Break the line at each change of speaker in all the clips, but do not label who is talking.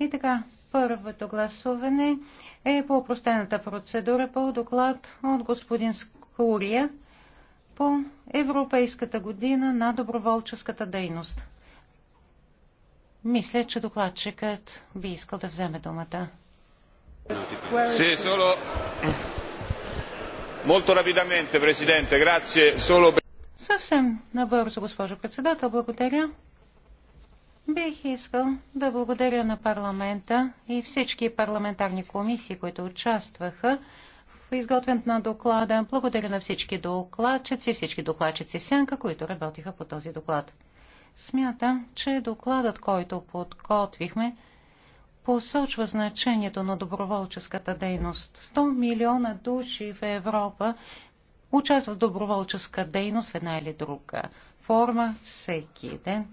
И така, първото гласуване е по простената процедура по доклад от господин Скурия по Европейската година на доброволческата дейност. Мисля, че докладчикът би искал да вземе думата. Sì, solo molto rapidamente, Presidente, grazie. Solo... Съвсем набързо, госпожо председател, благодаря. Бих искал да благодаря на парламента и всички парламентарни комисии, които участваха в изготвянето на доклада. Благодаря на всички докладчици, всички докладчици в сянка, които работиха по този доклад. Смятам, че докладът, който подготвихме, посочва значението на доброволческата дейност. 100 милиона души в Европа участват в доброволческа дейност в една или друга форма всеки ден.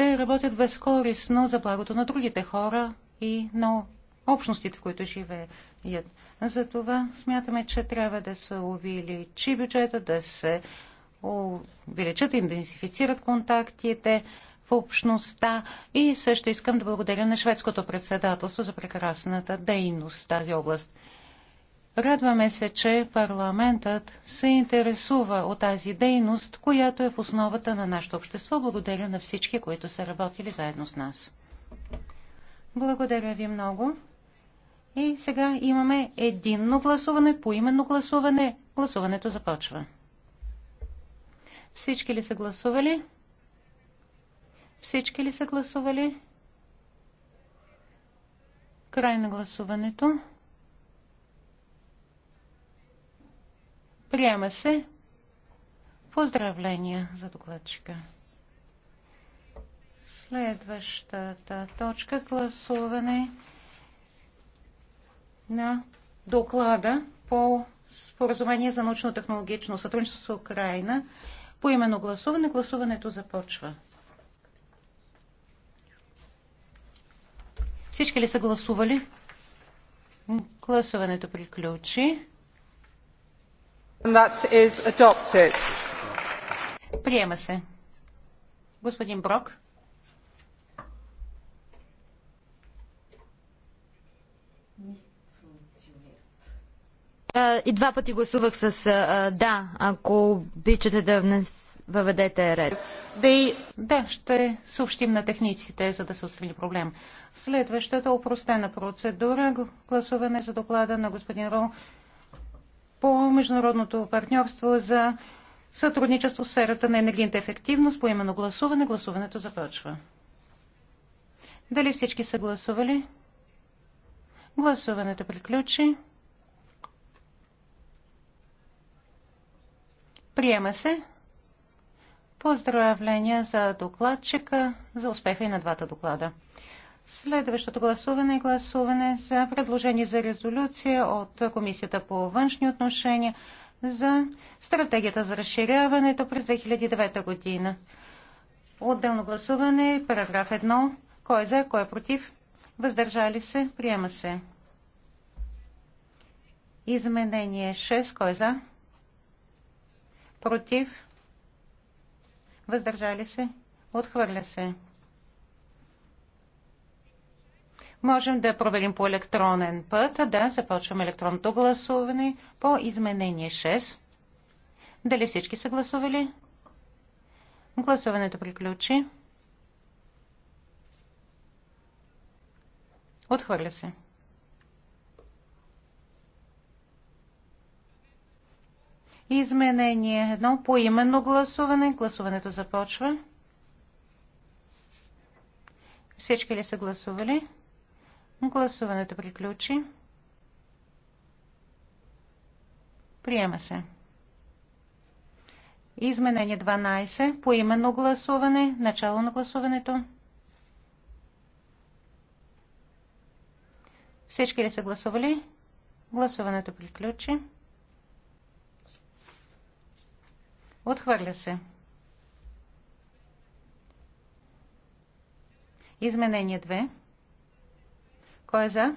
Те работят безкорисно за благото на другите хора и на общностите, в които живеят. Затова смятаме, че трябва да се увеличи бюджета, да се увеличат, идентифицират контактите в общността и също искам да благодаря на шведското председателство за прекрасната дейност в тази област. Радваме се, че парламентът се интересува от тази дейност, която е в основата на нашето общество. Благодаря на всички, които са работили заедно с нас. Благодаря ви много. И сега имаме единно гласуване, поименно гласуване. Гласуването започва. Всички ли са гласували? Всички ли са гласували? Край на гласуването. Приема се. Поздравления за докладчика. Следващата точка гласуване на доклада по споразумение за научно-технологично сътрудничество с Украина. По именно гласуване. Гласуването започва. Всички ли са гласували? Гласуването приключи. Приема се. Господин Брок. И два пъти гласувах с да, ако обичате да внес, въведете ред. The... Да, ще съобщим на техниците, за да се отстрани проблем. Следващата упростена процедура гласуване за доклада на господин Рол по международното партньорство за сътрудничество в сферата на енергийната ефективност по именно гласуване. Гласуването започва. Дали всички са гласували? Гласуването приключи. Приема се. Поздравления за докладчика за успеха и на двата доклада. Следващото гласуване е гласуване за предложение за резолюция от Комисията по външни отношения за стратегията за разширяването през 2009 година. Отделно гласуване, параграф 1. Кой е за, кой е против? Въздържали се, приема се. Изменение 6. Кой е за? Против? Въздържали се? Отхвърля се. Можем да проверим по електронен път. Да, започваме електронното гласуване по изменение 6. Дали всички са гласували? Гласуването приключи. Отхвърля се. Изменение едно по именно гласуване. Гласуването започва. Всички ли са гласували? Гласуването приключи. Приема се. Изменение 12. по именно гласуване. Начало на гласуването. Всички ли са гласували? Гласуването приключи. Отхвърля се. Изменение 2. Кой е за?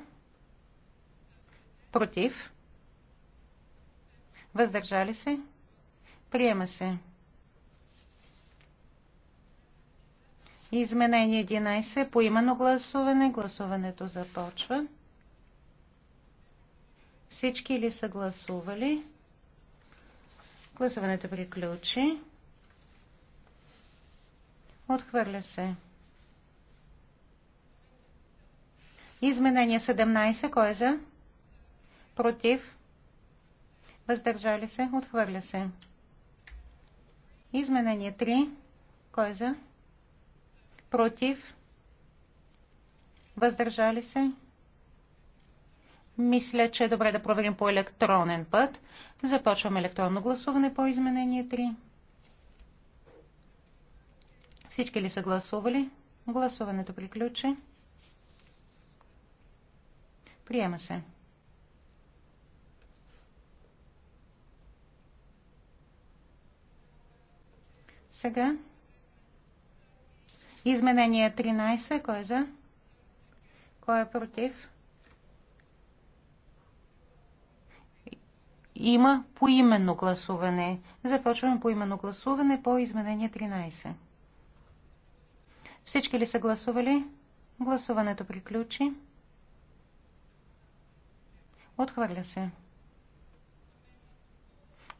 Против? Въздържали се? Приема се. Изменение 11. По именно гласуване. Гласуването започва. Всички ли са гласували? Гласуването приключи. Отхвърля се. Изменение 17. Кой е за? Против. Въздържали се. Отхвърля се. Изменение 3. Кой е за? Против. Въздържали се. Мисля, че е добре да проверим по електронен път. Започваме електронно гласуване по изменение 3. Всички ли са гласували? Гласуването приключи. Приема се. Сега. Изменение 13. Кой е за? Кой е против? Има поименно гласуване. Започваме поименно гласуване по изменение 13. Всички ли са гласували? Гласуването приключи. Отхвърля се.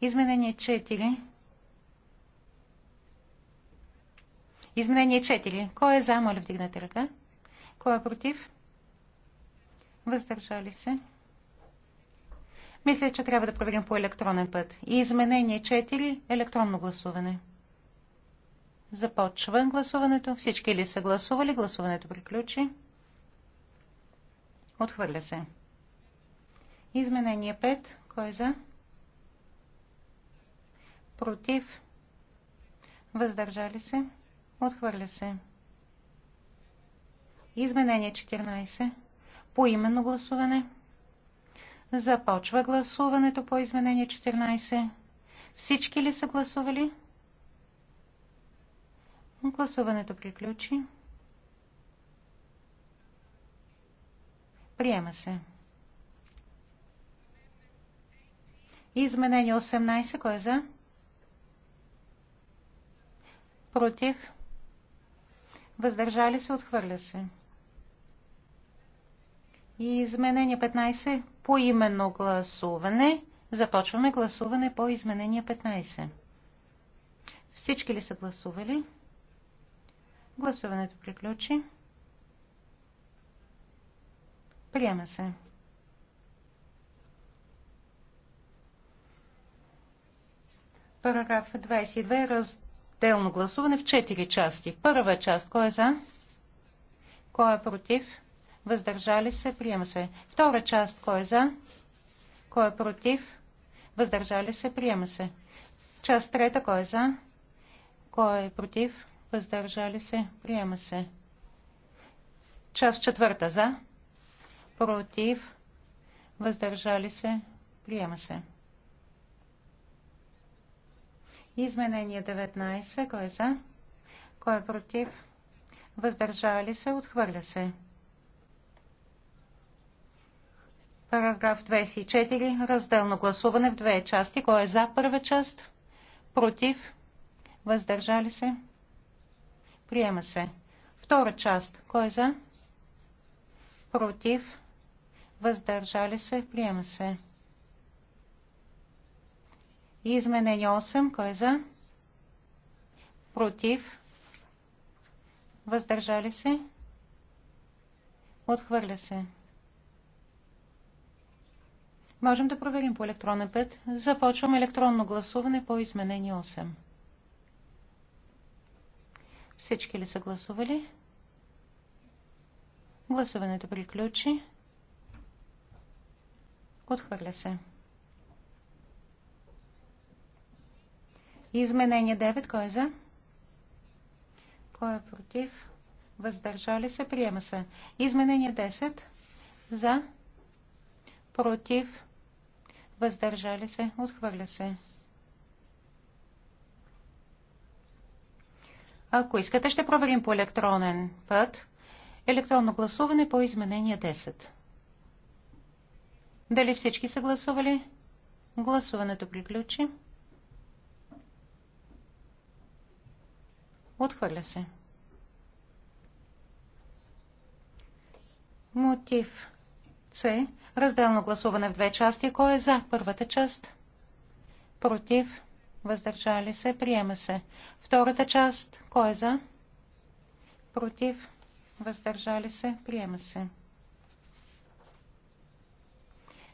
Изменение 4. Изменение 4. Кой е за, моля вдигнете ръка. Кой е против? Въздържали се. Мисля, че трябва да проверим по електронен път. И изменение 4. Електронно гласуване. Започва гласуването. Всички ли са гласували? Гласуването приключи. Отхвърля се. Изменение 5. Кой е за? Против. Въздържали се. Отхвърля се. Изменение 14. По именно гласуване. Започва гласуването по изменение 14. Всички ли са гласували? Гласуването приключи. Приема се. Изменение 18. Кой е за? Против. Въздържали се. Отхвърля се. И изменение 15. По именно гласуване. Започваме гласуване по изменение 15. Всички ли са гласували? Гласуването приключи. Приема се. Параграф 22. Разделно гласуване в 4 части. Първа част. Кой е за? Кой е против? Въздържали се? Приема се. Втора част. Кой е за? Кой е против? Въздържали се? Приема се. Част трета. Кой е за? Кой е против? Въздържали се? Приема се. Част четвърта. За? Против? Въздържали се? Приема се. Изменение 19. Кой е за? Кой е против? Въздържали се? Отхвърля се. Параграф 24. Разделно гласуване в две части. Кой е за първа част? Против? Въздържали се? Приема се. Втора част. Кой е за? Против? Въздържали се? Приема се. Изменение 8. Кой е за? Против. Въздържали се. Отхвърля се. Можем да проверим по електронен път. Започвам електронно гласуване по изменение 8. Всички ли са гласували? Гласуването приключи. Отхвърля се. Изменение 9. Кой е за? Кой е против? Въздържали се. Приема се. Изменение 10. За. Против. Въздържали се. Отхвърля се. Ако искате, ще проверим по електронен път. Електронно гласуване по изменение 10. Дали всички са гласували? Гласуването приключи. Отхвърля се. Мотив С. Разделно гласуване в две части. Кой е за първата част? Против. Въздържали се. Приема се. Втората част. Кой е за? Против. Въздържали се. Приема се.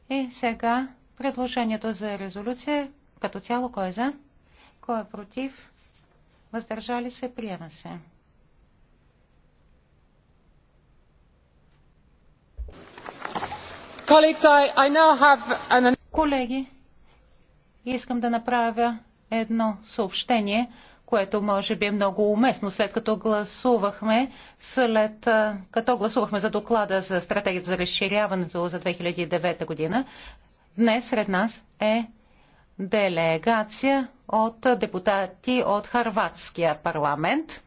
И сега предложението за резолюция. Като цяло кой е за? Кой е против? въздържали се, приема се. Колеги, искам да направя едно съобщение, което може би е много уместно, след като гласувахме, след като гласувахме за доклада за стратегията за разширяването за 2009 година. Днес сред нас е делегация от депутати от Харватския парламент.